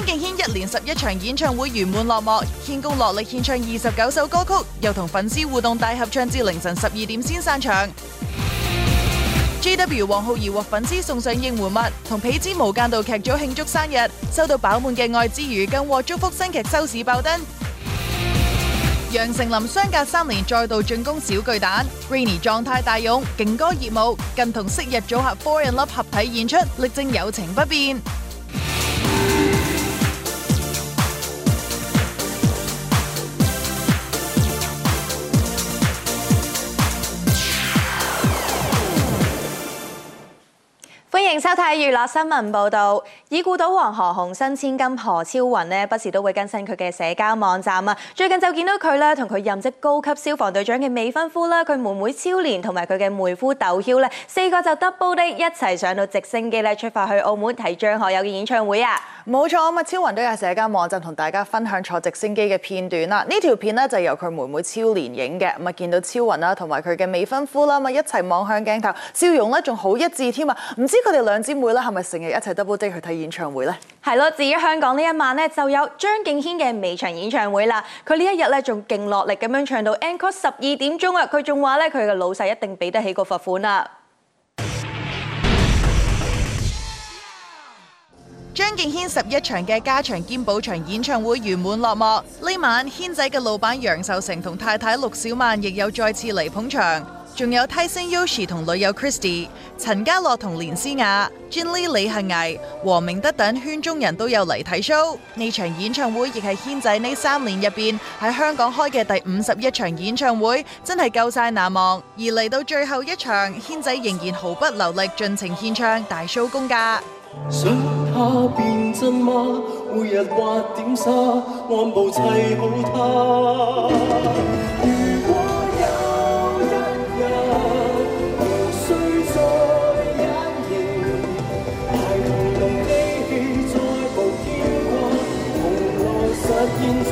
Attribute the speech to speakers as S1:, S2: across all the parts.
S1: 張敬軒一連十一場演唱會圓滿落幕，獻功落力獻唱二十九首歌曲，又同粉絲互動大合唱至凌晨十二點先散場。 JW 王浩儀獲粉絲送上應援物，同《痞子無間道》劇組慶祝生日，收到飽滿嘅愛之餘，更獲祝福新劇收視爆燈。楊丞琳相隔三年再度進攻小巨蛋，Rainy 狀態大勇，勁歌熱舞，更同昔日組合 Four in Love 合體演出，力證友情不變。
S2: 歡迎收睇娛樂新聞報道。已故賭王何鴻燊千金何超雲呢，不時都會更新佢嘅社交網站啊。最近就見到佢咧，同佢任職高級消防隊長嘅未婚夫啦，佢妹妹超蓮同埋佢嘅妹夫竇驍呢四個就 double 的，一齊上到直升機咧，出發去澳門睇張學友嘅演唱會啊！冇錯，啊，超雲都有社交
S1: 網站同大家分享坐直升機嘅片段啦。呢條片呢，就由佢妹妹超蓮影嘅，咁啊見到超雲啦，同埋佢嘅未婚夫啦，咁啊一齊望向鏡頭，笑容咧仲好一致添啊！唔知。佢哋兩姊妹咧，係咪成日一齊 double date 去睇演唱會呢？
S2: 係咯，至於香港呢一晚呢，就有張敬軒嘅尾場演唱會啦。佢呢一日呢，仲勁落力咁樣唱到 encore 十二點鐘啊！佢仲話呢，佢嘅老細一定俾得起個罰款啦。
S1: 張敬軒十一場嘅加場兼補場演唱會圓滿落幕。呢晚軒仔嘅老闆楊受成同太太陸小曼亦有再次嚟捧場。仲有 Tyson Yoshi 同女友 Christy、陳家樂同連詩雅、 Jenny 李幸倪、黃明德等圈中人都有嚟睇 show。呢場演唱會亦係軒仔呢三年入面喺香港開嘅第五十一場演唱會，真係夠晒難忘。而嚟到最後一場，軒仔仍然毫不留力，盡情獻
S3: 唱，大 show 功架。
S4: 想他變真嗎每日畫
S5: 點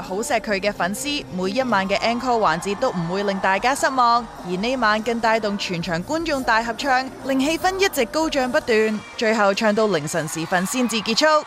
S1: 好錫佢嘅粉絲，每一晚嘅 encore 環節都唔會令大家失望，而呢晚更帶動全場觀眾大合唱，令氣氛一直高漲不斷，最後唱到凌晨時分先至結束。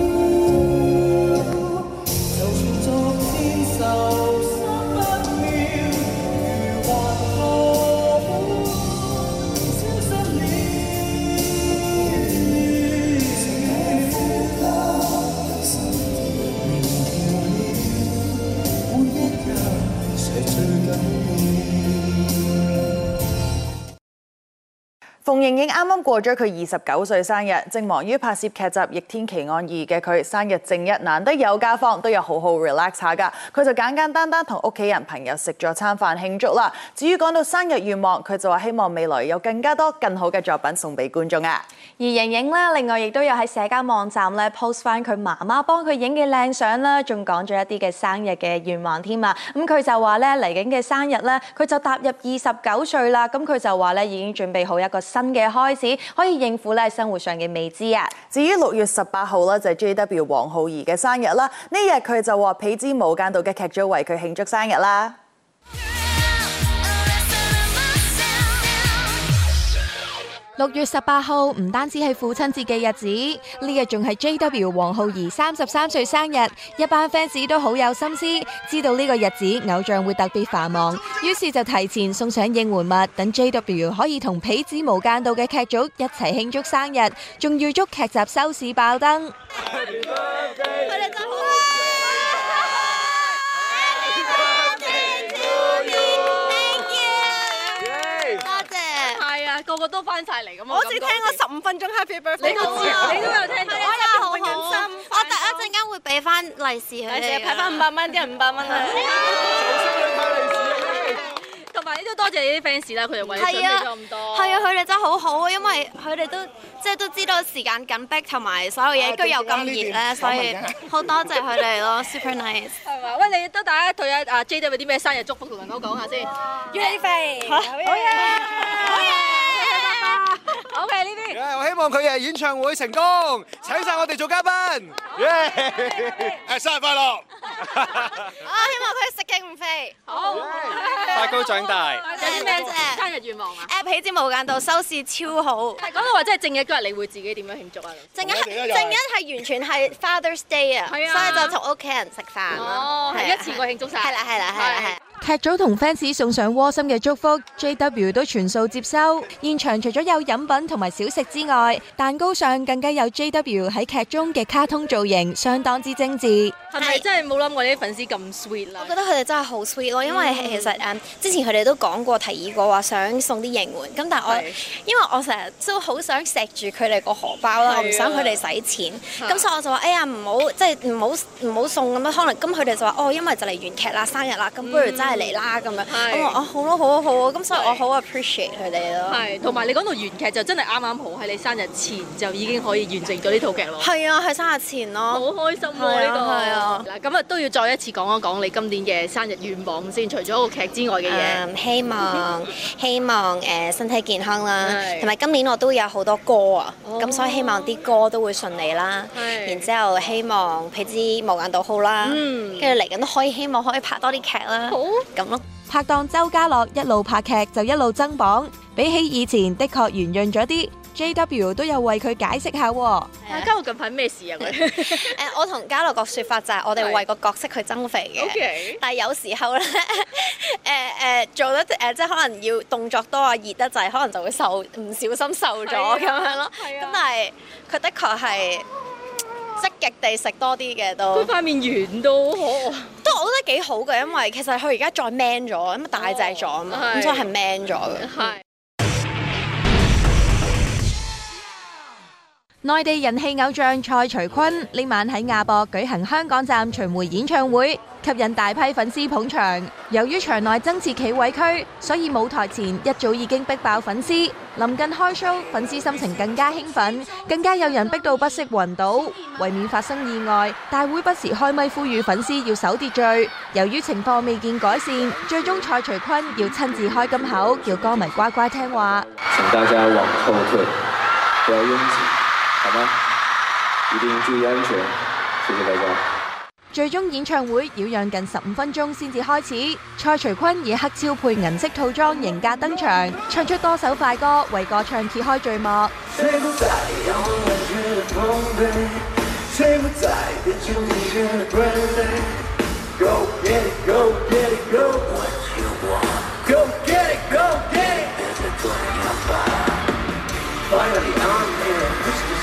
S1: 剛過咗佢二十九歲生日，正忙於拍攝劇集《逆天奇案二》嘅佢，生日正一難得有假放，都有好好 relax 下噶。佢就簡簡單單同屋企人朋友食咗餐飯慶祝啦。至於講到生日願望，佢就話希望未來有更加多更好嘅作品送俾觀眾啊。
S2: 而盈盈呢，另外亦都有喺社交網站咧 post 翻佢媽媽幫佢影嘅靚相啦，仲講咗一啲嘅生日嘅願望添啊。咁、嗯、佢就話咧嚟緊嘅生日咧，佢就踏入二十九歲啦。咁、嗯、佢就話咧已經準備好一個新嘅開。可以應付咧生活上嘅未知啊！
S1: 至於六月十八號咧就係、是、JW 王灝兒嘅生日啦，呢日佢就話披肩無間道嘅劇組為佢慶祝生日啦。
S2: 六月十八號唔單止係父親節嘅日子，呢日仲係 J W 王灝兒三十三歲生日，一班 fans 都好有心思，知道呢個日子偶像會特別繁忙，於是就提前送上應援物，等 J W 可以同痞子無間道嘅劇組一齊慶祝生日，仲預祝劇集收視爆燈。
S6: 我都翻晒
S2: 嚟咁啊！我好似聽過十五分鐘 Happy Birthday 你、啊。你都有，謝謝你都有聽到啊！我好開心。我突然間會俾翻利是佢哋，俾翻五百蚊即係五百蚊啊！同埋呢都多謝啲 fans 啦，佢哋為你準備咁多。係啊，佢哋真係好好，因為佢哋都即係、就是、都知道時間緊迫，同埋所有嘢居然又咁熱咧、啊，所以好多謝佢哋咯，Super Nice。係、呃、嘛？喂你都大家退下啊！J 有啲咩生日，生日祝福同人哥講下 wow，
S6: 先
S4: ？You're the best! 好嘅。好 OK 呢啲，我希望佢嘅演唱會成功，請晒我哋做嘉賓。Yeah. Okay, okay, okay. 生
S6: 日快樂！ 我希望佢食極唔肥。
S2: 好，
S4: 快高長大。有
S2: 啲咩啫？生日願望、啊。誒，起子無間道收視超好。講、嗯、到話真係正日嗰日，你會自己點樣慶祝啊？正一正日係完全係 Father's Day 啊， 所以就同屋企人食飯啦。哦、oh, 啊，一次過慶祝晒。係啦係啦係啦。劇組同 fans 送上窩心嘅祝福，JW 都全數接收。現場除咗有飲品同埋小食之外，蛋糕上更加有 JW 喺劇中嘅卡通造型，相當之精緻。咪係真係冇諗過啲粉絲咁 sweet 啦！我覺得佢哋真係好 sweet 咯，因為其實之前佢哋都講過、提議過，話想送啲應援，咁但係我，因為我成日都好想錫住佢哋個荷包啦，我唔想佢哋使錢，咁所以我就話哎呀唔好，即係唔好唔好送咁樣，可能咁佢哋就話哦，因為就嚟完劇啦，生日啦，咁不如真係嚟啦咁樣，我話哦好咯，好啊，好，咁所以我好 appreciate 佢哋咯。係，同埋你講到完劇就真
S6: 係啱啱好喺你生日前就已經可以完成咗呢套劇咯。係啊，喺生日前咯。好開心喎呢個。係啊。嗱，咁啊都要再一次講一講你今年嘅生日願望先，除咗個劇
S2: 之外嘅嘢。希望希望誒身體健康啦，同埋今年我都有好多歌啊，咁、哦、所以希望啲歌都會順利啦。然之後希望譬之無眼倒好啦。嗯。跟住嚟緊都可以，希望可以拍多啲劇啦。好。咁咯。拍檔周家樂一路拍劇就一路增磅，比起以前的確圓潤咗啲。JW 都有為佢解釋下喎。家樂近排咩事啊？佢 誒、uh, 我同家樂個説法就係我哋為個角色去增肥嘅。Okay. 但係有時候咧，誒 誒、呃呃、做得誒、呃、即係可能要動作多啊，熱得滯，可能就會瘦，唔小心瘦咗咁樣咯。係、yeah. 啊。咁但係佢的確係積極地食多啲嘅都。佢塊面圓到好。都、oh. 我覺得幾好嘅，因為其實佢而家再 man 咗，因為大隻咗啊嘛，咁所以係 man 咗嘅。係、yeah。內地人氣偶像蔡徐坤呢晚喺亞博舉行香港站巡迴演唱會，吸引大批粉絲捧場。由於場內增設企位區，所以舞台前一早已經逼爆粉絲。臨近開 show，粉絲心情更加興奮，更加有人逼到不惜暈倒。為免發生意外，大會不時開咪呼籲粉絲要守秩序。由於情況未見改善，最終蔡徐坤要親自開金口，叫歌迷乖乖聽話。
S3: 請大家往後退，
S7: 不要擁擠。好嗎？一定注意安全。謝謝大家。
S2: 最終演唱會擾攘近十五分鐘先至開始。蔡徐坤以黑超配銀色套裝，迎駕登場，唱出多首快歌，為歌唱揭開序
S8: 幕。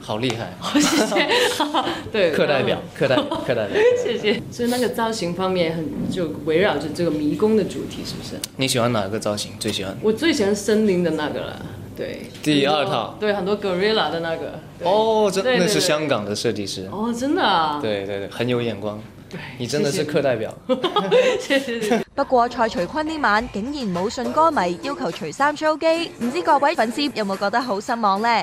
S8: 好厲害！好謝謝， 對，課代表，課代，課代表， 謝謝。所以那個造型方面很就圍繞着這個迷宮的主題，是不是？你喜歡哪一個造型？最喜歡？我最喜歡森林的那個了，對。第二套。對，很多 Gorilla 的那個。哦，oh, 真的對對對，那是香港的設計師。哦，oh，真的，啊。對對對，很有眼光。對，謝謝你，真的是課代表
S5: 謝
S2: 謝。謝謝。 不過蔡徐坤呢晚竟然冇信歌迷，要求除衫 show 機，唔知各位粉絲有冇覺得好失望呢？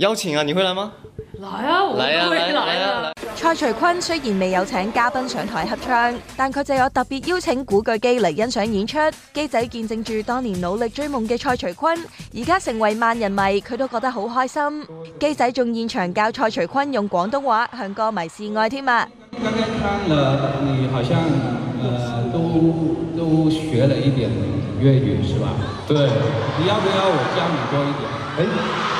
S8: 邀請啊，你會來嗎？來、啊，會來啊來啊！來啊！來啊！來啊！
S2: 蔡徐坤雖然未有請嘉賓上台合唱，但佢就有特別邀請古巨基嚟欣賞演出。基仔見證住當年努力追夢嘅蔡徐坤，而家成為萬人迷，佢都覺得好開心。基仔仲現場教蔡徐坤用廣東話向歌迷示愛添啊！你剛剛看
S8: 了，你好像、呃、都都學了一點粵語，是吧？對，你要不要我教你多一點？欸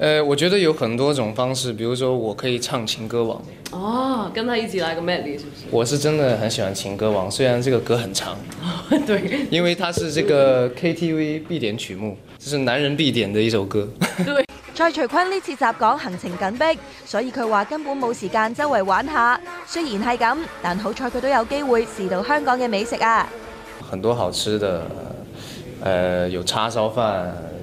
S8: 呃、我覺得有很多種方式，比如說我可以唱《情歌王》。哦，跟他一起來個魅力，是不是？我是真的很喜歡《情歌王》，雖然這個歌很長。哦、對，因為它是這個 KTV 必點曲目，這、就是男人必點的一首歌。
S2: 對，蔡徐坤呢次集港行程緊迫，所以佢話根本冇時間周圍玩下。雖然係咁，但好彩佢都有機會試到香港嘅美食啊！
S8: 很多好吃的，呃、有叉燒飯。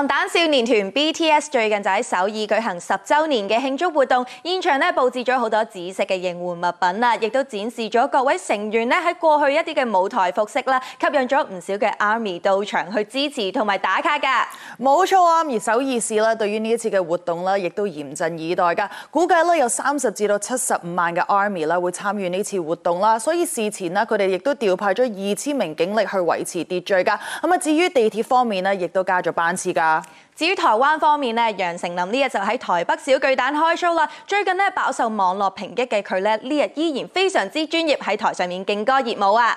S2: 防彈少年團 BTS 最近就喺首爾舉行十週年嘅慶祝活動，現場咧佈置咗好多紫色嘅應援物品啦，亦都展示咗各位成員咧喺過去一啲嘅舞台服飾啦，吸引咗唔少嘅 ARMY 到場去支持同埋打卡嘅。
S1: 冇錯啊，而首爾市咧對於呢一次嘅活動咧，亦都嚴陣以待噶，估計咧有三十至到七十五萬嘅 ARMY 啦會參與呢次活動啦，所以事前啊佢哋亦都調派咗二千名警力去維持秩序噶。咁啊，至於地鐵方面咧，亦都加咗班次噶。
S2: 至於台灣方面咧，楊丞琳呢日就喺台北小巨蛋開 show 啦。最近呢，飽受網絡抨擊嘅佢呢，呢日依然非常之專業喺台上面勁歌熱舞啊！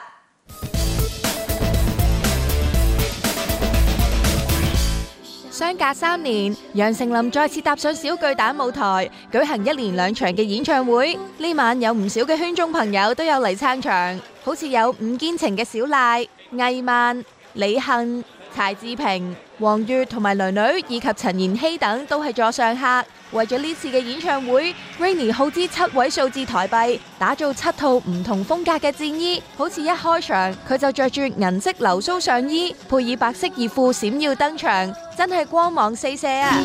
S2: 相隔三年，楊丞琳再次踏上小巨蛋舞台，舉行一連兩場嘅演唱會。呢晚有唔少嘅圈中朋友都有嚟撐場，好似有五堅情嘅小賴、魏曼、李幸、柴智屏。黃悦同埋女女以及陳妍希等都係座上客。為咗呢次嘅演唱會，Rainie 耗資七位數字台幣，打造七套唔同風格嘅戰衣。好似一開場，佢就着住銀色流蘇上衣，配以白色熱褲，閃耀登場，真係光芒四射啊！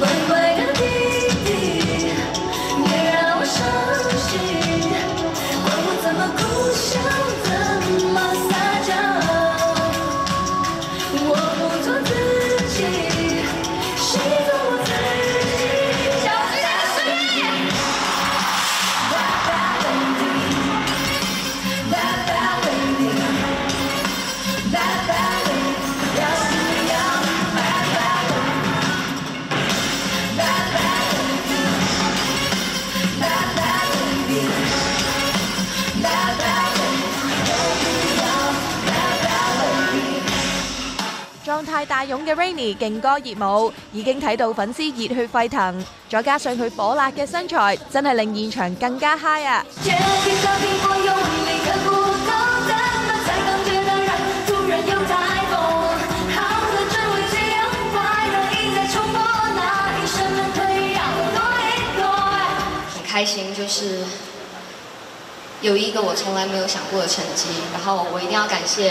S2: 大勇嘅 Rainy 勁歌熱舞已經睇到粉絲熱血沸騰，再加上佢火辣嘅身材，真係令現場更加 high 啊！
S5: 好
S9: 開心，就
S10: 是有一個我從來沒有想過嘅成績，然後我一定要感謝。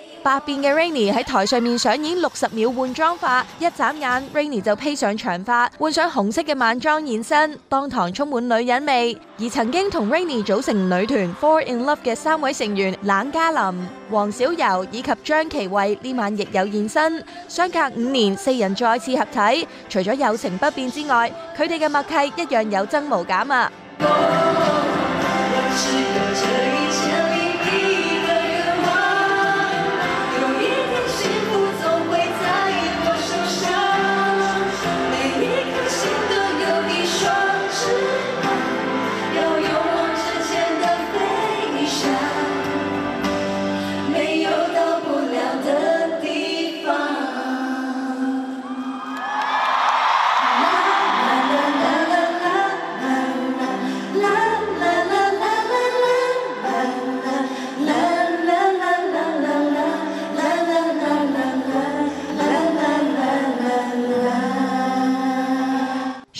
S2: 百變嘅 Rainy 喺台上面上演六十秒換裝法，一眨眼 Rainy 就披上長髮，換上紅色嘅晚裝現身，當堂充滿女人味。而曾經同 Rainy 組成女團 Four in Love 嘅三位成員冷嘉琳、黃小柔以及張綺惠呢晚亦有現身，相隔五年四人再次合體，除咗友情不變之外，佢哋嘅默契一樣有增無減啊！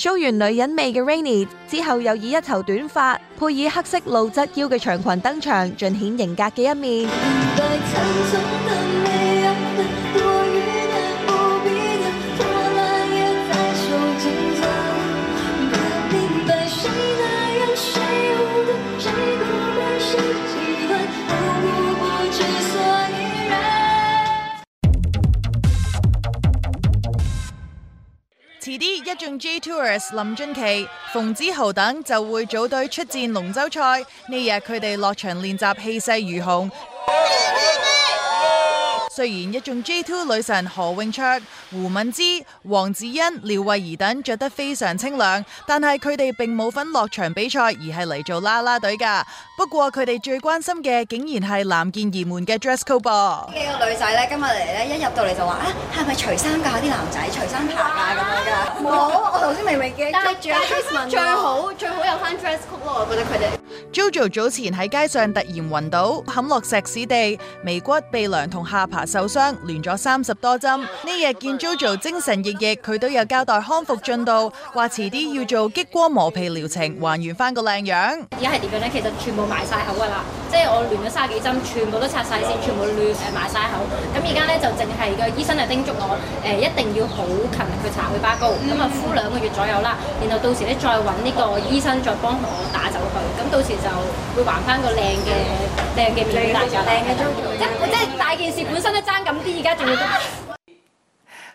S2: show 完女人味嘅 Rainy 之後，又以一頭短髮配以黑色露側腰嘅長裙登場，盡顯型
S5: 格嘅一面。
S1: 啲一眾 J Tourist 林俊奇、馮子豪等就會組隊出戰龍舟賽。呢日佢哋落場練習氣勢如虹。 雖然一眾 J2 女神何永卓、胡敏芝、黃子欣、廖慧儀等着得非常清涼，但係佢哋並冇份落場比賽，而係嚟做啦啦隊噶。不過佢哋最關心嘅竟然係男健兒們嘅 dress code 噃。呢個女仔咧，今日嚟咧
S10: 一入到嚟就話啊，係咪除衫噶？啲男仔除衫爬噶咁樣噶。冇、 哦，我頭先明明記得。但係仲有提問喎。最好最好,最好
S1: 有
S2: 翻 dress code
S1: 喎，我覺得佢哋。Jojo 早前喺街上突然暈倒，冚落石屎地，眉骨、鼻梁同下巴。受傷，連咗三十多針。呢日見 JoJo 精神奕奕，佢都有交代康復進度，話遲啲要做激光磨皮療程，還原翻個靚樣。而家係點樣咧？其實全部埋晒口
S6: 噶啦，即係我連咗卅幾針，全部都拆晒線，全部亂埋晒口。咁而家咧就淨係個醫生啊叮囑我，誒，一定要好勤力去搽去疤膏，咁、嗯、啊敷兩個月左右啦。然後到時咧再搵呢個醫生再幫我打走佢，咁到時就會還翻個靚嘅靚嘅面蛋啦。靚嘅即係
S5: 大件事本身。爭咁啲，而家仲要得。啊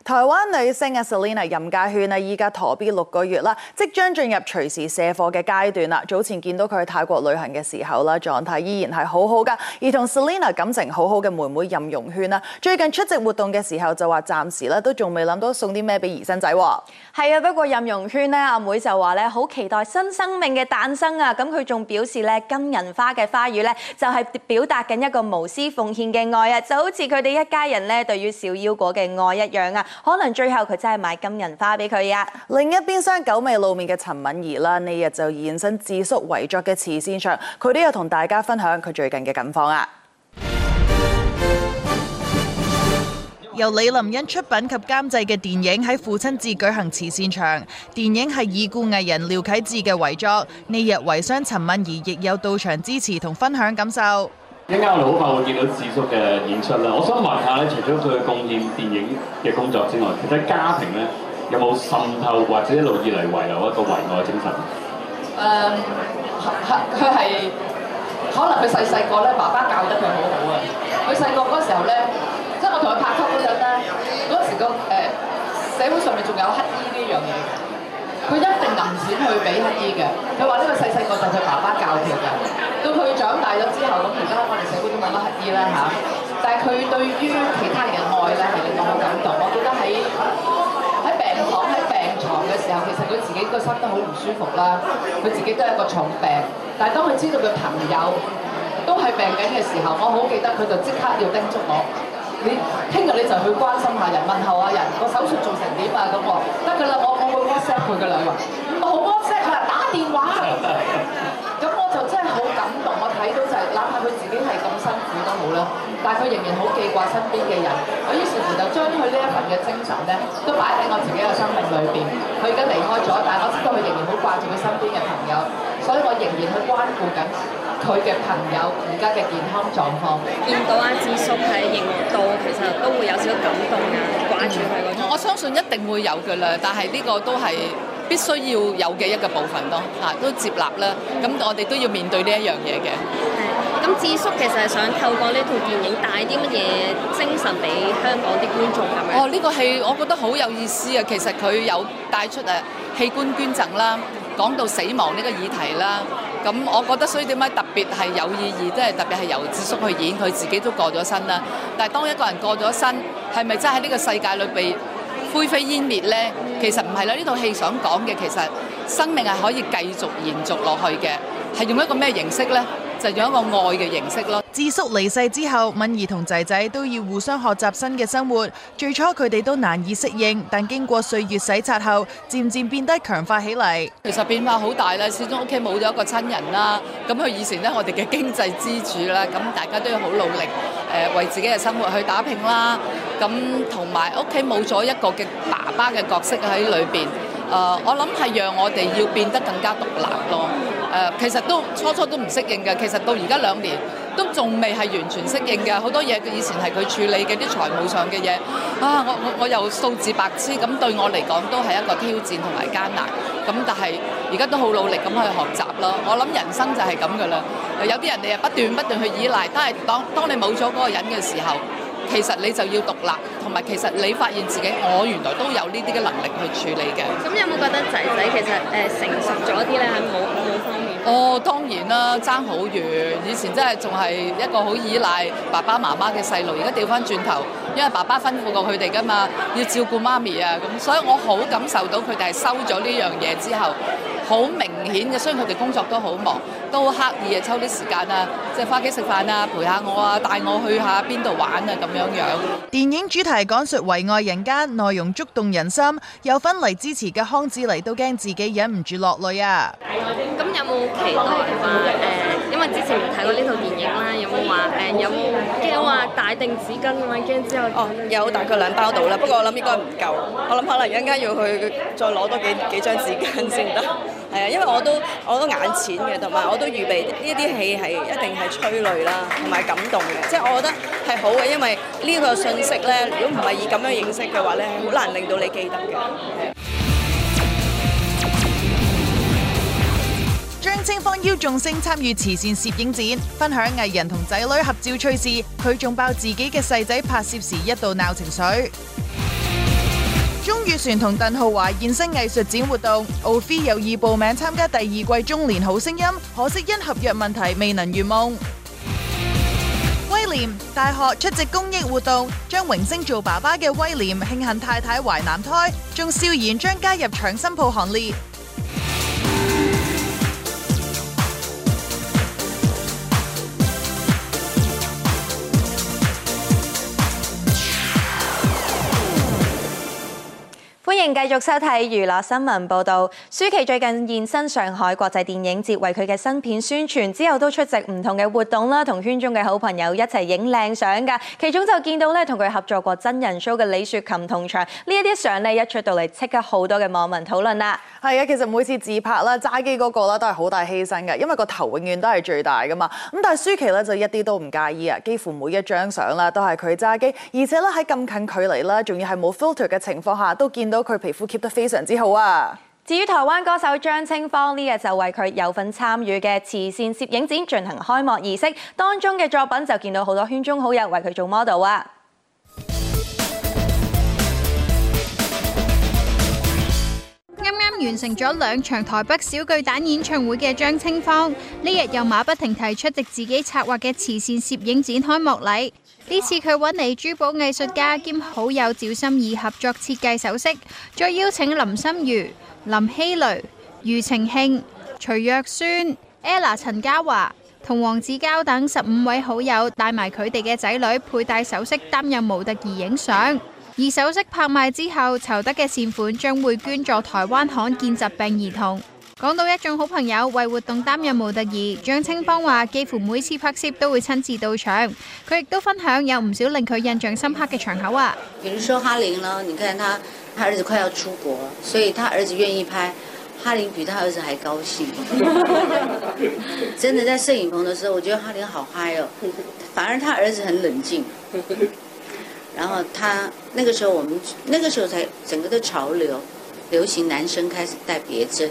S1: 台灣女星啊 Selina 任家萱呢，依家陀 B 六個月啦，即將進入隨時卸貨嘅階段啦。早前見到佢去泰國旅行嘅時候啦，狀態依然係好好㗎。而同 Selina 感情好好嘅妹妹任容萱啦，最近出席活動嘅時候就話暫時呢
S2: 都仲未諗到送啲咩俾姨甥仔。係啊，不過任容萱呢，阿妹就話呢，好期待新生命嘅誕生啊。咁佢仲表示呢，金銀花嘅花語呢，就係表達緊一個無私奉獻嘅愛啊，就好似佢哋一家人呢對於小腰果嘅愛一樣啊。可能最後佢真係買金銀花俾佢呀！
S1: 另一邊廂久未露面嘅陳敏兒啦，呢日就現身智叔遺作嘅慈善場，佢都有同大家分享佢最近嘅近況啊！由李林恩出品及監製嘅電影《喺父親節舉行慈善場》，電影係已故藝人廖啟智嘅遺作。呢日遺孀陳敏兒亦有到場支持同分享感受。
S11: 一間我哋好快會見到智叔嘅演出啦。我想問下咧，除咗佢嘅貢獻電影嘅工作之外，其實家庭咧有冇滲透或者一路以嚟遺留一個遺愛精神？誒、呃，佢
S12: 係可能佢細細個咧，爸爸教得佢好好啊。佢細個嗰時候咧，即係我同佢拍拖嗰陣咧，嗰時個誒、呃、社會上面仲有乞衣呢樣嘢。佢一定揞錢去俾乞兒嘅，佢話呢個細細個就佢爸爸教佢嘅。到佢長大咗之後，咁而家我哋社會都揾得乞兒咧嚇、啊？但係佢對於其他人嘅愛咧，係令我好感動。我記得喺喺病房喺病床嘅時候，其實佢自己個心都好唔舒服啦。佢自己都係一個重病，但係當佢知道佢朋友都係病緊嘅時候，我好記得佢就即刻要叮囑我。你聽日你就去關心下人，問候下人，個手術做成點啊？咁我得㗎啦，我我會 WhatsApp 佢㗎啦，唔好 WhatsApp 佢啦，打電話。咁 我就真係好感動，我睇到就係、是，哪怕佢自己係咁辛苦都好啦，但係佢仍然好記掛身邊嘅人。我於是乎就將佢呢一份嘅精神咧，都擺喺我自己嘅生命裏邊。佢已經離開咗，但係我知道佢仍然好掛住佢身邊嘅朋友，所以我仍然去關顧緊。佢嘅朋友而家嘅健康狀況，見到阿智叔喺熒幕度，其實都會有少少感動啊，掛住佢嗰種。我相信一定會有嘅啦，但係呢個都係必須要有嘅一個部分咯，嚇都接納啦。咁我哋都要面對呢一樣嘢嘅。咁智叔其實係想透過呢套電影帶啲乜嘢精神俾香港啲觀眾咁樣？哦，呢個戲我覺得好有意思啊，其實佢有帶出誒器官捐贈啦，講到死亡呢個議題啦。咁我覺得，所以點解特別係有意義，即係特別係由智叔去演，佢自己都過咗身啦。但係當一個人過咗身，係咪真係喺呢個世界裏被灰飛煙滅呢？其實唔係啦，呢套戲想講嘅其實生命係可以繼續延續落去嘅，係用一個咩形式呢？就咗一個愛嘅形式咯。智
S1: 叔離世之後，敏兒同仔仔都要互相學習新嘅生活。最初佢哋都難以適應，但經過歲月洗刷後，漸漸變得強化起嚟。其實變化好
S12: 大啦，始終屋企冇咗一個親人啦。咁佢以前咧，我哋嘅經濟支柱啦，咁大家都要好努力，誒，為自己嘅生活去打拼啦。咁同埋屋企冇咗一個嘅爸爸嘅角色喺裏邊。誒，我諗係讓我哋要變得更加獨立咯。誒，其實都初初都唔適應嘅，其實到而家兩年都仲未係完全適應嘅，好多嘢佢以前係佢處理嘅啲財務上嘅嘢。啊，我我我又數字白痴，咁對我嚟講都係一個挑戰同埋艱難。咁但係而家都好努力咁去學習咯。我諗人生就係咁噶啦。有啲人你啊不斷不斷去依賴，但係當當你冇咗嗰個人嘅時候。其實你就要獨立，同埋其實你發現自己，我原來都有呢啲嘅能力去處理嘅。咁有冇覺得仔仔其實誒成熟咗啲咧？係冇冇好翻面？哦，當然啦，爭好遠。以前真係仲係一個好依賴爸爸媽媽嘅細路，而家掉翻轉頭，因為爸爸吩咐過佢哋噶嘛，要照顧媽咪啊咁，所以我好感受到佢哋係收咗呢樣嘢之後。好明顯嘅，雖然佢哋工作都好忙，都刻意啊抽啲時間啊，即係返屋企食飯啊，陪下我啊，帶我去下邊度玩啊咁樣樣。
S1: 電影主題講述為愛人間，內容觸動人心。有份嚟支持嘅康子妮都驚自己忍唔住落淚啊。
S2: 咁有冇期待話誒？因為之前未睇過呢套電影啦，有冇話誒？有冇驚話帶定紙巾啊？驚之後有大概兩包到啦。不過我諗應該唔夠，我諗可能一陣間要去再攞多幾幾張紙巾先得。係啊，因為我都我都眼淺嘅，同埋我都預備呢一啲戲係一定係催淚啦，同埋感
S5: 動嘅。即係我覺得係好嘅，因為呢個信息咧，如果唔係以咁樣認識嘅話咧，好難令到你記得嘅。
S1: 張清芳邀眾星參與慈善攝影展，分享藝人同仔女合照趣事，佢仲爆自己嘅細仔拍攝時一度鬧情緒。鍾宇璇同鄧浩華現身藝術展活動，奧菲有意報名參加第二季《中年好聲音》，可惜因合約問題未能圓夢。威廉 大學出席公益活動，將榮升做爸爸嘅威廉慶幸太太懷男胎，仲笑言將加入搶新抱行列。
S2: 繼續收睇娛樂新聞報道，舒淇最近現身上海國際電影節，為佢嘅新片宣傳，之後都出席唔同嘅活動啦，同圈中嘅好朋友一齊影靚相噶。其中就見到咧，同佢合作過真人 show 嘅李雪琴同場，呢一啲相咧一出到嚟，即刻好多嘅網民討論啦。係啊，其實每次自拍啦、揸機
S1: 嗰個啦，都係好大犧牲嘅，因為個頭永遠都係最大噶嘛。咁但係舒淇咧就一啲都唔介意啊，幾乎每一張相啦都係佢揸機，而且咧喺咁近距離啦，仲要係冇 filter 嘅
S2: 情況下，都見到佢。皮膚 keep 得非常
S1: 之好啊！
S2: 至於台灣歌手張清芳呢日就為佢有份參與嘅慈善攝影展進行開幕儀式，當中嘅作品就
S9: 見到好多圈中好友為佢做 model 啊！啱啱完成咗兩場台北小巨蛋演唱會嘅張清芳，呢日又馬不停蹄出席自己策劃嘅慈善攝影展開幕禮。呢次佢揾嚟珠寶藝術家兼好友趙心怡合作設計首飾，再邀請林心如、林希蕾、余程慶、徐若瑄、Ella、陳嘉華同黃子佼等十五位好友帶埋佢哋嘅仔女佩戴首飾擔任模特兒影相。而首飾拍賣之後籌得嘅善款將會捐助台灣罕見疾病兒童。講到一眾好朋友為活動擔任模特兒張青芳話，幾乎每次拍攝都會親自到場。佢亦都分享有唔少令佢印象深刻嘅場口啊。比如說哈林呢？你看
S10: 他，他兒子快要出國，所以他兒子願意拍哈林，比他兒子還高興。真的在攝影棚的時候，我覺得哈林好嗨哦，反而他兒子很冷靜。然後他那個時候，我們那個時候，才整個的潮流流行男生開始戴別針。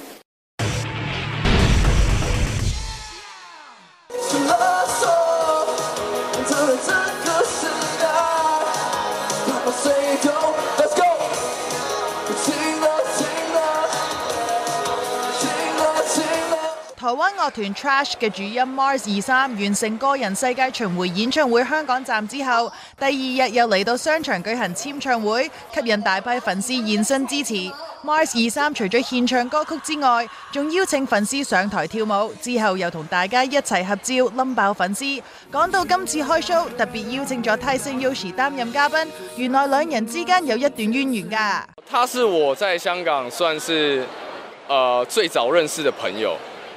S1: 台灣樂團 Trash 嘅主音 Mars 二三完成個人世界巡迴演唱會香港站之後，第二日又嚟到商場舉行簽唱會，吸引大批粉絲現身支持。Mars 二三除咗獻唱歌曲之外，仲邀請粉絲上台跳舞，之後又同大家一齊合照，冧爆粉絲。講到今次開 show，特別邀請咗 Tyson Yoshi 擔任嘉賓，原來兩人之間有一段淵源噶。
S7: 他是我在香港算是，呃，最早認識的朋友。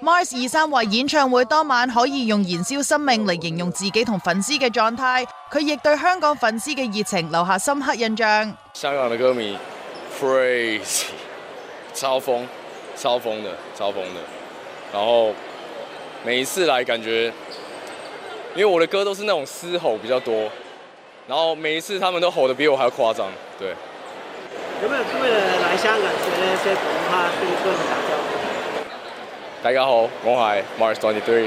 S1: Mars 二三為演唱會當晚可以用燃燒生命嚟形容自己同粉絲嘅狀態，佢亦對香港粉絲嘅熱情留下深刻印象。
S7: 香港的歌迷，crazy，超瘋，超瘋的，超瘋的。然後每一次來，感覺因為我的歌都是那種嘶吼比較多，然後每一次他們都吼得比我還要誇張。對，
S13: 有冇特別嚟香港，想同佢哋對打？
S7: 大家好，我係 Mars 23，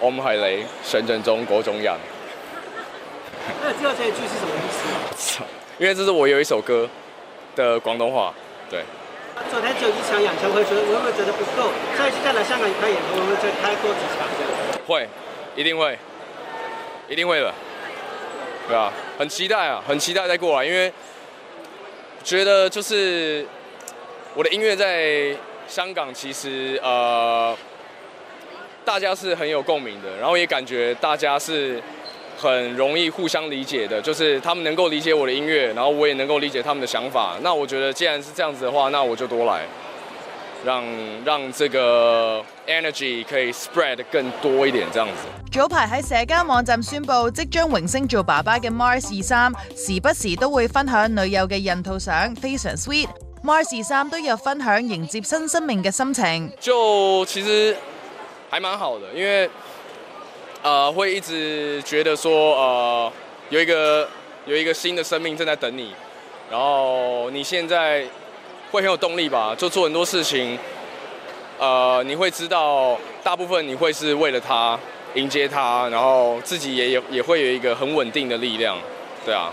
S7: 我唔係你深圳中嗰中人。你
S11: 知道這一句是什
S7: 麼意思嗎？因為這是我有一首歌的廣東話，對。
S11: 昨天只有一場演場演出，會我會，會覺得不夠，下一次再來香港可以，
S7: 會唔會再開多幾場這樣？會，一定會，一定會了，對吧、啊？很期待啊，很期待再過來，因為覺得就是我的音樂在。香港其實，呃，大家是很有共鳴的，然後也感覺大家是很容易互相理解的，就是他們能夠理解我的音樂，然後我也能夠理解他們的想法。那我覺得既然是這樣子的話，那我就多來，讓讓這個 energy 可以 spread 更多一點，這樣子。
S1: 早排喺社交網站宣布即將榮升做爸爸嘅 Mars 二三，時不時都會分享女友嘅孕肚相，非常 sweet。Mars 三都有分享迎接新生命的心情，
S7: 就其實還蠻好的，因為，呃，會一直覺得說，呃，有一個有一個新的生命正在等你，然後你現在會很有動力吧，就做很多事情，呃，你會知道大部分你會是為了他迎接他，然後自己也有也會有一個很穩定的力量，對啊。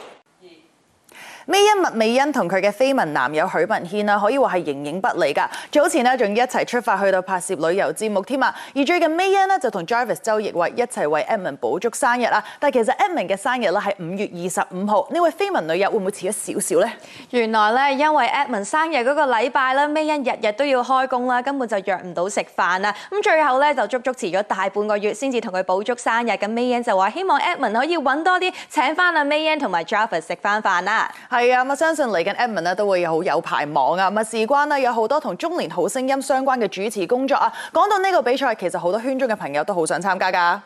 S1: May 恩、麥美恩同佢嘅緋聞男友許文軒啊，可以話係形影不離㗎。早前咧仲要一齊出發去到拍攝旅遊節目添啊。而最近 May 恩咧就同 Jarvis 周奕偉一齊為 Edmond 補足生日啦。但其實 Edmond 嘅生日咧係五月二十五號，呢位緋聞女友會唔會遲一少少呢？原
S2: 來咧，因為 Edmond 生日嗰個禮拜啦 May 恩日日都要開工啦，根本就約唔到食飯啊。咁最後咧就足足遲咗大半個月先至同佢補足生日。咁 May 恩就話希望 Edmond 可以揾多啲請翻阿 May 恩同埋 Jarvis 食翻飯啦。係、嗯、啊，相信嚟緊
S1: Edmond 咧都會好有排忙啊！咪事關咧有好多同中年好聲音相關嘅主持工作啊。講到呢個比賽，其實好多圈中嘅朋友都好想參加噶。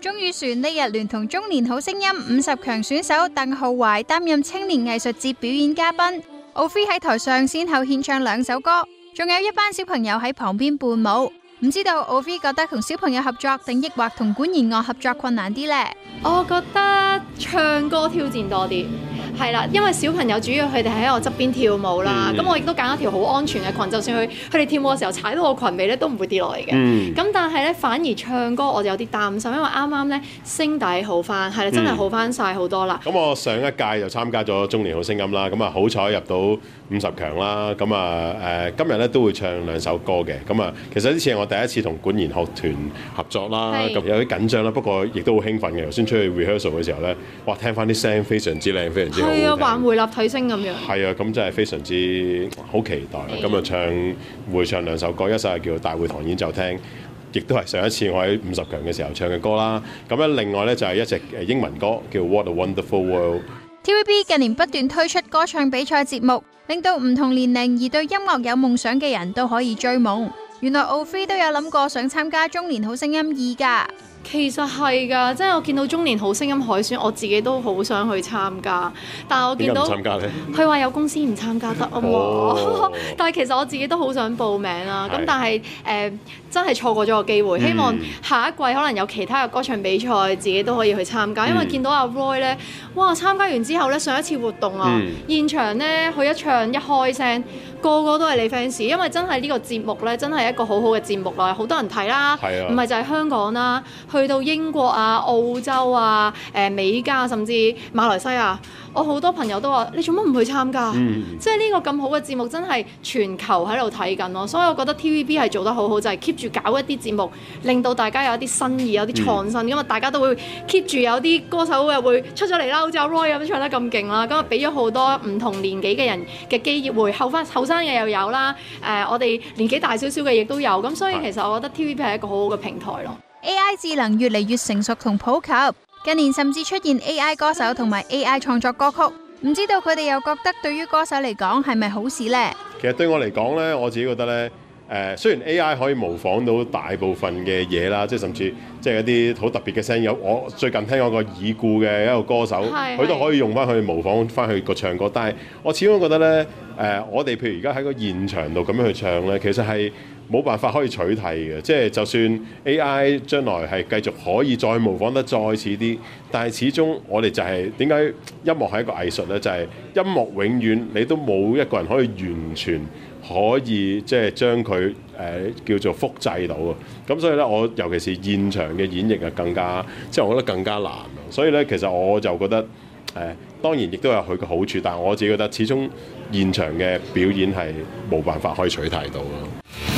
S9: 鍾雨璇呢日聯同中年好聲音五十強選手鄧浩懷擔任青年藝術節表演嘉賓。奧菲喺台上先後獻唱兩首歌，仲有一班小朋友喺旁邊伴舞。唔知道，O V 覺得同小朋友合作定抑或同管弦樂合作困難啲呢？我覺得
S6: 唱歌挑戰多啲。係啦，因為小朋友主要佢哋喺我側邊跳舞啦，咁、嗯、我亦都揀一條好安全嘅裙，就算佢佢哋跳舞嘅時候踩到我裙尾咧，都唔會跌落嚟嘅。咁但係咧，反而唱歌我就有啲擔心，因為啱啱咧聲底好翻，係、嗯、真係好翻晒好多啦。
S13: 咁我上一屆就參加咗中年好聲音啦，咁啊好彩入到五十強啦，咁啊誒、呃、今日咧都會唱兩首歌嘅，咁啊其實呢次係我第一次同管弦樂團合作啦，咁有啲緊張啦，不過亦都好興奮嘅。頭先出去 rehearsal 嘅時候咧，哇聽翻啲聲非常之靚，非常之～係、嗯、
S6: 啊，還回立體聲咁
S13: 樣。係啊，咁真係非常之好期待。今日唱會唱兩首歌，一首係叫《大會堂演奏廳》，亦都係上一次我喺五十強嘅時候唱嘅歌啦。咁樣，另外呢，就係一隻英文歌叫《What a Wonderful World》。
S9: TVB 近年不斷推出歌唱比賽節目，令到唔同年齡而對音樂有夢想嘅人都可以追夢。原來奧菲都有諗過想參加《中年好聲音二》噶。其實係㗎，即係我見到中年好聲音海選，我自
S6: 己都好想去參加。但係我見到，佢話有公司唔參加得喎、 哦。但係其實我自己都好想報名啦。咁但係誒。呃真係錯過咗個機會，希望下一季可能有其他嘅歌唱比賽自己都可以去參加。因為見到阿 Roy 咧，哇！參加完之後咧，上一次活動啊，嗯、現場咧佢一唱一開聲，個個都係你 fans。因為真係呢個節目咧，真係一個好好嘅節目咯，好多人睇啦，唔係、啊、就係香港啦，去到英國啊、澳洲啊、誒、呃、美加甚至馬來西亞，我好多朋友都話你做乜唔去參加？嗯、即係呢個咁好嘅節目，真係全球喺度睇緊咯。所以我覺得 TVB 係做得好好，就係、是、keep。住搞一啲節目，令到大家有一啲新意，有啲創新。因為大家都會 keep 住有啲歌手又會出咗嚟啦，好似阿 Roy 咁樣唱得咁勁啦。咁啊，俾咗好多唔同年紀嘅人嘅機會，後翻後生嘅又有啦。誒、呃，我哋年紀大少少嘅亦都有。咁所以其實我覺得 TVB 係一個
S9: 好好嘅平台咯。AI 智能越嚟越成熟同普及，近年甚至出現 AI 歌手同埋 AI 創作歌曲，唔知道佢哋又覺得對於歌手嚟講係咪好事
S13: 呢？其實對我嚟講咧，我自己覺得咧。誒雖然 AI 可以模仿到大部分嘅嘢啦，即係甚至即係一啲好特別嘅聲音，有我最近聽過個已故嘅一個歌手，佢都可以用翻去模仿翻去個唱歌，但係我始終覺得呢，誒、呃、我哋譬如而家喺個現場度咁樣去唱呢，其實係冇辦法可以取締嘅，即係就算 AI 將來係繼續可以再模仿得再似啲，但係始終我哋就係點解音樂係一個藝術呢？就係、是、音樂永遠你都冇一個人可以完全。可以即係將佢誒、呃、叫做複製到啊！咁所以咧，我尤其是現場嘅演繹啊，更加即係我覺得更加難。所以咧，其實我就覺得誒、呃，當然亦都有佢嘅好處，但係我自己覺得始終現場嘅表演係冇辦法可以取替到。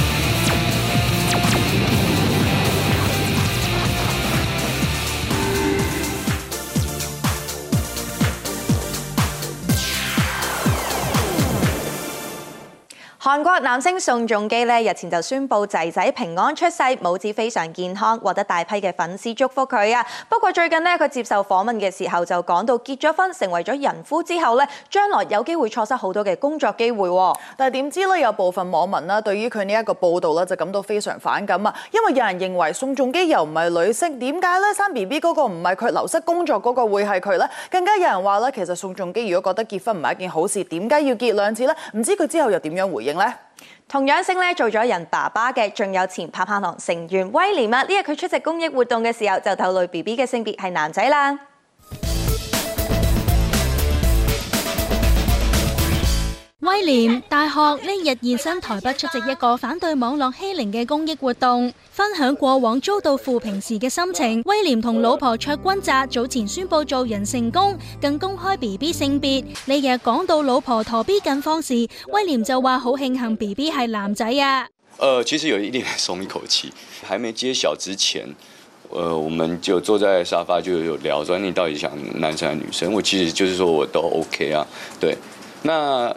S2: 韓國男星宋仲基呢日前就宣布仔仔平安出世，母子非常健康，獲得大批嘅粉絲祝福佢啊！不過最近佢接受訪問嘅時候就講到結咗婚成為咗人夫之後咧，將來有機會錯失好多嘅工作機會哦。
S1: 但係點知咧，有部分網民啦對於佢呢一個報導就感到非常反感啊！因為有人認為宋仲基又唔係女性，點解呢？生 B B 嗰個唔係佢流失工作嗰個會係佢呢？更加有人話其實宋仲基如果覺得結婚唔係一件好事，點解要結兩次呢？唔知佢之
S2: 後又點樣回應？咧，同樣星咧做咗人爸爸嘅，仲有前棒棒堂成員威廉啊，呢日佢出席公益活動嘅時候，就透露 B B 嘅性別係男仔啦。
S5: 威廉大學呢日現身台北出席一個反對網絡欺凌嘅公益活動，分享過往遭到負評時嘅心情。威廉同老婆卓君澤早前宣布做人成功，更公開 B B 性別。呢日講到老婆陀 B 近況時，威廉就話好慶幸 B B 係男仔啊。誒、
S3: 呃，其實有一點鬆一口氣，還沒揭曉之前，誒、呃，我們就坐在沙發就有聊咗，以你到底想男生定女生？我其實就是說我都 OK 啊，對，那。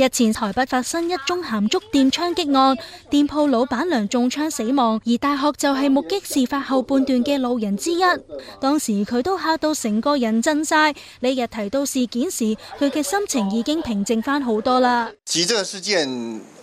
S5: 日前台北發生一宗咸竹店槍擊案，店鋪老闆娘中槍死亡，而大學就係目擊事發後半段嘅路人之一。當時佢都嚇到成個人震晒。呢日提到事件時，佢嘅心情已經平靜翻好多啦。
S4: 此次事件。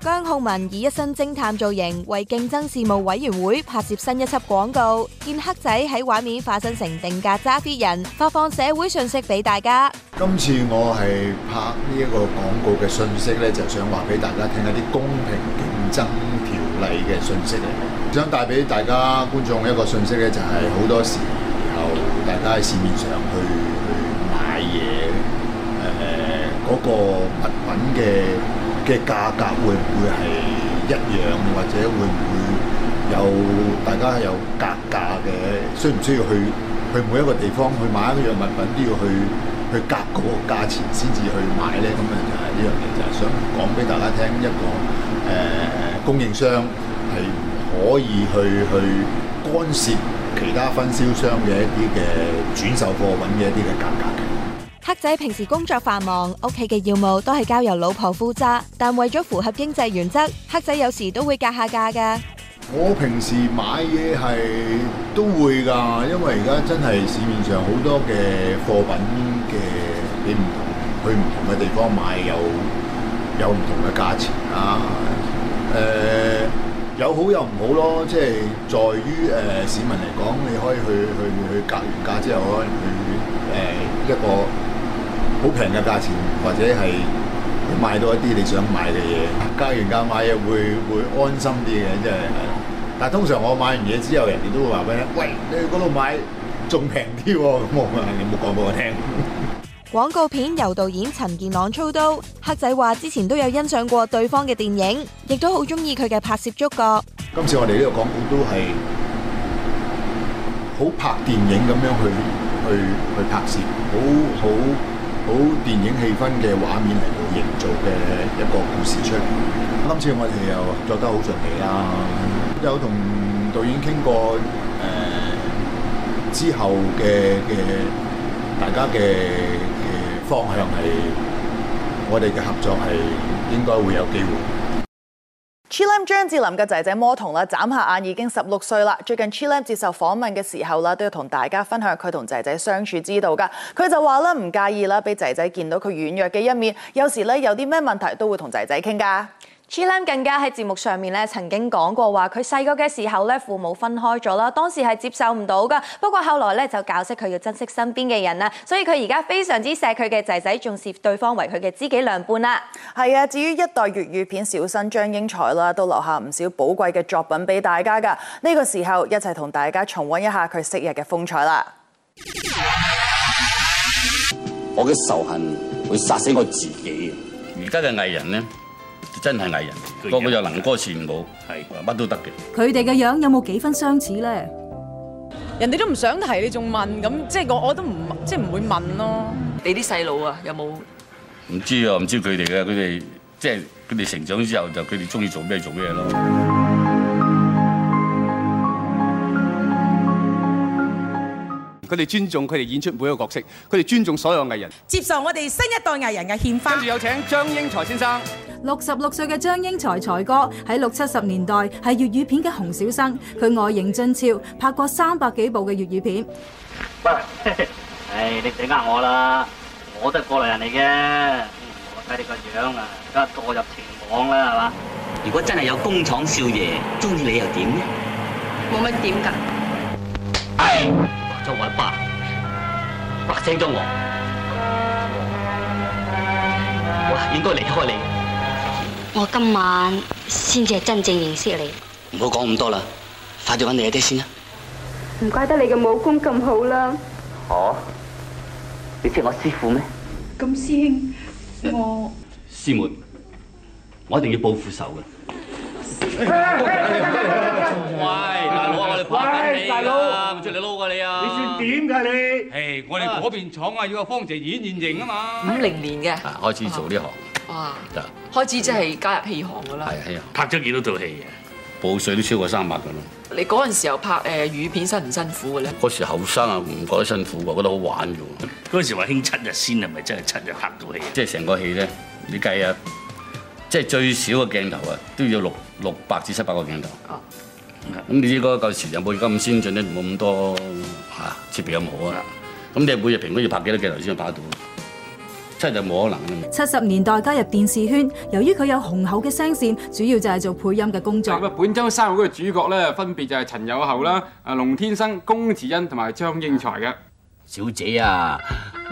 S2: 姜浩文以一身偵探造型為競爭事務委員會拍攝新一輯廣告，見黑仔喺畫面化身成定價揸 fit 人，發放社會訊息俾大家。
S14: 今次我係拍呢一個廣告嘅訊息呢，就想話俾大家聽一啲公平競爭條例嘅訊息嚟。想帶俾大家觀眾一個訊息呢，就係好多時候大家喺市面上去。嗰個物品嘅嘅價格會唔會係一樣，或者會唔會有大家有格價嘅？需唔需要去去每一個地方去買一樣物品都要去去格嗰個價錢先至去買呢？咁啊就係呢樣嘢，就係想講俾大家聽一個誒供應商係唔可以去去干涉其他分銷商嘅一啲嘅轉售貨品嘅一啲嘅價格。
S2: 黑仔平時工作繁忙，屋企嘅要務都係交由老婆負責。但為咗符合經濟原則，黑仔有時都會格下價噶。
S14: 我平時買嘢係都會噶，因為而家真係市面上好多嘅貨品嘅你唔同，去唔同嘅地方買有唔同嘅價錢啊。誒，有好有唔好咯，即係在於誒市民嚟講，你可以去去去，去格完價之後，可以去誒一個。好平嘅價錢，或者係買到一啲你想買嘅嘢，加完價買嘢會會安心啲嘅，即係。但係通常我買完嘢之後，人哋都會話俾你：「喂，你去嗰度買仲平啲喎。」我你冇講俾我聽。
S2: 廣告片由導演陳健朗操刀，黑仔話之前都有欣賞過對方嘅電影，亦都好中意佢嘅拍攝觸覺。
S14: 今次我哋呢個廣告都係好拍電影咁樣去去去拍攝，好好。好電影氣氛嘅畫面嚟到營造嘅一個故事出嚟。今次我哋又合作得好順利啦，有同導演傾過誒、呃、之後嘅嘅大家嘅方向係，我哋嘅合作係應該會有機會。
S1: Chillam 張智霖嘅仔仔魔童眨下眼已經十六歲啦。最近 Chillam 接受訪問嘅時候都要同大家分享佢同仔仔相處之道噶。佢就話不唔介意啦，俾仔仔見到佢軟弱嘅一面。有時有啲咩問題都會同仔仔傾
S2: 噶。梁更加喺節目上面咧，曾經講過話，佢細個嘅時候咧，父母分開咗啦，當時係接受唔到噶。不過後來咧，就教識佢要珍惜身邊嘅人啦。所以佢而家非常之錫佢嘅仔仔，仲視對方為佢嘅知己良伴啦。係啊，至於一代
S1: 粵語片小生張英才啦，都留下唔少寶貴嘅作品俾大家噶。呢、這個時候一齊同大家重溫一下佢昔日嘅風采啦。
S11: 我嘅仇恨會殺死我自己。而家嘅藝人呢？真係藝人，個個又能歌善舞，係乜都得嘅。
S5: 佢哋嘅樣有冇幾分相似咧？人哋都唔想提，你仲問咁？即係我我都唔即係唔會問咯。
S12: 你啲細路啊，有冇？
S11: 唔知啊，唔知佢哋嘅，佢哋即係佢哋成長之後，就佢哋中意做咩做咩咯。
S7: 佢哋尊重佢哋演出每一個角色，佢哋尊重所有藝人。
S5: 接受我哋新一代藝人嘅獻花。跟住有請張英才先生。六十六歲嘅張英才才哥喺六七十年代係粵語片嘅紅小生，佢外型俊俏，拍過三百幾部嘅粵語片。
S11: 喂，唉，你唔使呃我啦，我都係過來人嚟嘅。我睇你個樣啊，梗係墮入情網啦，係嘛？如果真係有工廠少爺中意你又點呢？冇乜點㗎。係。做穩爸，白醒咗我，我應該離開你。
S5: 我今晚先至係真正認識你。
S11: 唔好講咁多啦，
S5: 快啲揾你阿爹先啦。唔怪得你嘅武功咁好啦。
S11: 哦，你即係我師傅咩？
S9: 咁師兄，我
S11: 師妹，我一定要報父仇嘅。
S9: Hey, hey, hey, hey, hey, hey, hey, hey,
S11: 係你，誒、hey,，我哋嗰邊廠啊，要阿方姐演原型
S12: 啊嘛，五零年嘅，
S11: 開始做呢行，哇，哇
S12: 開始即係加入戲行噶啦，
S11: 係啊，拍咗幾多套戲啊，報數都超過三百個啦。
S12: 你嗰陣時候拍誒雨、呃、片辛唔辛苦嘅咧？
S11: 嗰時後生啊，唔覺得辛苦喎，覺得好玩嘅。嗰時話興七日先，係咪真係七日拍到戲？即係成個戲咧，你計啊，即係最少嘅鏡頭啊，都要六六百至七百個鏡頭。啊，咁你知個舊時有冇咁先進咧，冇咁多。啊、設備又冇啊，咁你每日平均要拍幾多鏡頭先可以拍得到？真係就冇可能。七
S5: 十年代加入電視圈，由於佢有雄厚嘅聲線，主要就係做配音嘅工作。咁
S11: 啊，本週三生日會嘅主角咧，分別就係陳有后啦、啊龍天生、龔慈恩同埋張英才嘅。小姐啊，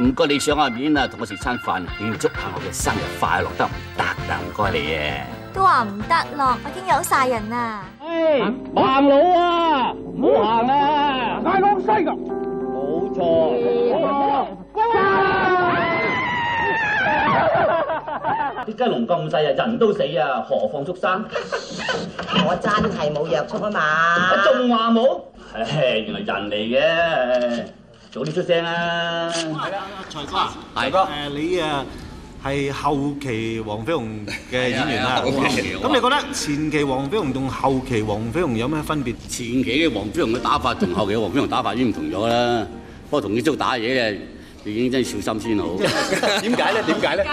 S11: 唔該你上下面啊，同我食餐飯，慶祝下我嘅生日快樂得唔得？但唔該你啊，
S10: 都話唔得咯，我已經有晒人啊！哎，行路啊，
S11: 唔好行啊，雞籠好細噶，冇錯。啲雞籠咁細啊，人都死啊，何況畜生？我真係冇約束，啊嘛，仲話冇？嘿，原來人嚟嘅。早
S4: 啲出聲啦！係啦，財、啊、哥，大哥，誒你啊，係後期黃飛鴻嘅演員
S11: 啦。咁、啊啊、你覺得前期黃飛鴻同後期黃飛鴻有咩分別？前期嘅黃飛鴻嘅打法同後期嘅黃飛鴻打法已經唔同咗啦。 不過同堅叔打嘢啊，你已經真係小心先好。點解咧？點解咧？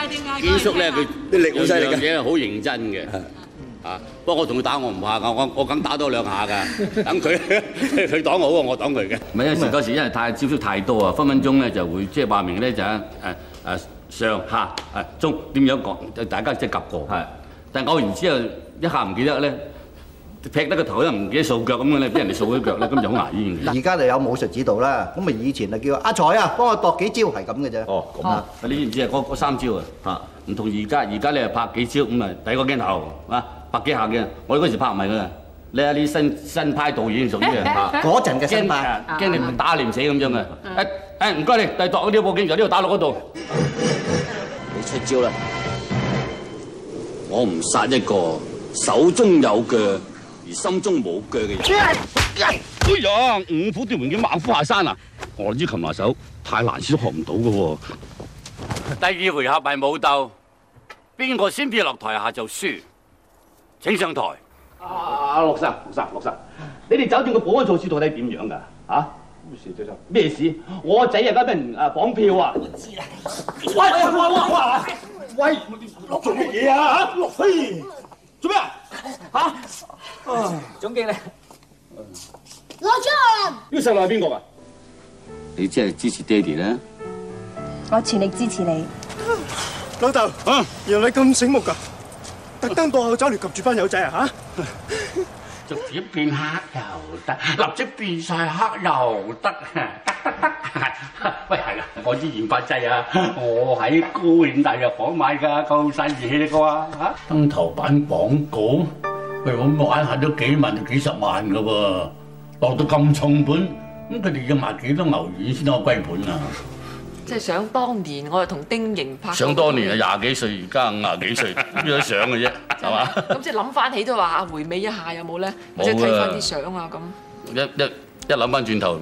S5: 堅 叔咧，佢
S11: 啲力好犀利嘅，好認真嘅。 啊、不過我同佢打我唔怕，我我我敢打多兩下㗎。等佢佢 擋我我擋佢嘅。唔係，有陣時嗰時因為太招數太多啊，分分鐘咧就會即係話明咧就誒、是、誒、啊、上下誒、啊、中點樣講，大家即係夾過。係，但講完之後一下唔記得咧，劈得個頭都唔記得掃腳咁樣咧，俾人哋掃咗腳咧，咁就好牙煙嘅。而
S4: 家就有武術指導啦，咁咪以前就叫阿財啊，幫我度幾招係咁嘅啫。就
S11: 是、哦，咁啊，你知唔知啊？嗰三招啊，嚇唔同而家而家你咧拍幾招咁啊，第一個鏡頭啊！百幾下嘅，我嗰時拍唔係噶。你阿、啊、啲新新派導演屬於啊？嗰陣嘅新派，驚你，你，你、嗯哎、你，你唔打你唔死咁樣嘅。誒誒，唔該你，第度嗰啲報警員呢度打落嗰度。你出招啦！我唔殺一個手中有腳而心中冇腳嘅人。哎呀，五虎斷魂劍，猛虎下山啊！我呢琴拿手太難，先都學唔到噶。第二回合係武鬥，邊個先跌落台下就輸。請上台。阿阿陸生、陸生、陸生，你哋酒店嘅保安措施到底係點樣噶、欸哎？啊？咩事？咩事？我仔而家，俾人啊綁票啊！我知啦。喂喂喂喂！喂，做乜嘢啊？吓？陸飛，做咩啊？吓？總經理，
S4: 羅主任，
S11: 呢個細路係邊個啊？你即係支持爹哋啦。
S9: 我
S4: 全力支持你。老豆啊，原來你咁醒目噶。特
S11: 登到後週年及住翻友仔啊吓，逐漸變黑又得，立即變晒黑又得，呵呵呵喂係啊，我支染髮劑啊，我喺高遠大藥房買㗎，高山嘢呢啩嚇！登頭版廣告，喂，我買下都幾萬到幾十萬㗎喎，落到咁重本，咁佢哋要賣幾多牛丸先得歸本啊？
S12: 即係想當年，我又同丁瑩拍。想當年
S11: 啊，廿幾歲，而家五廿幾歲，邊有想嘅啫，係嘛？
S12: 咁即係諗翻起都話回味一下有冇咧？即係睇翻啲相啊咁。
S11: 一一一諗翻轉頭，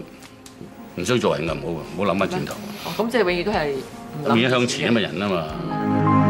S11: 唔想做人啊！唔好唔好諗翻轉頭。
S12: 咁、哦、即係永遠都係
S11: 永遠向前啊嘛，人啊嘛。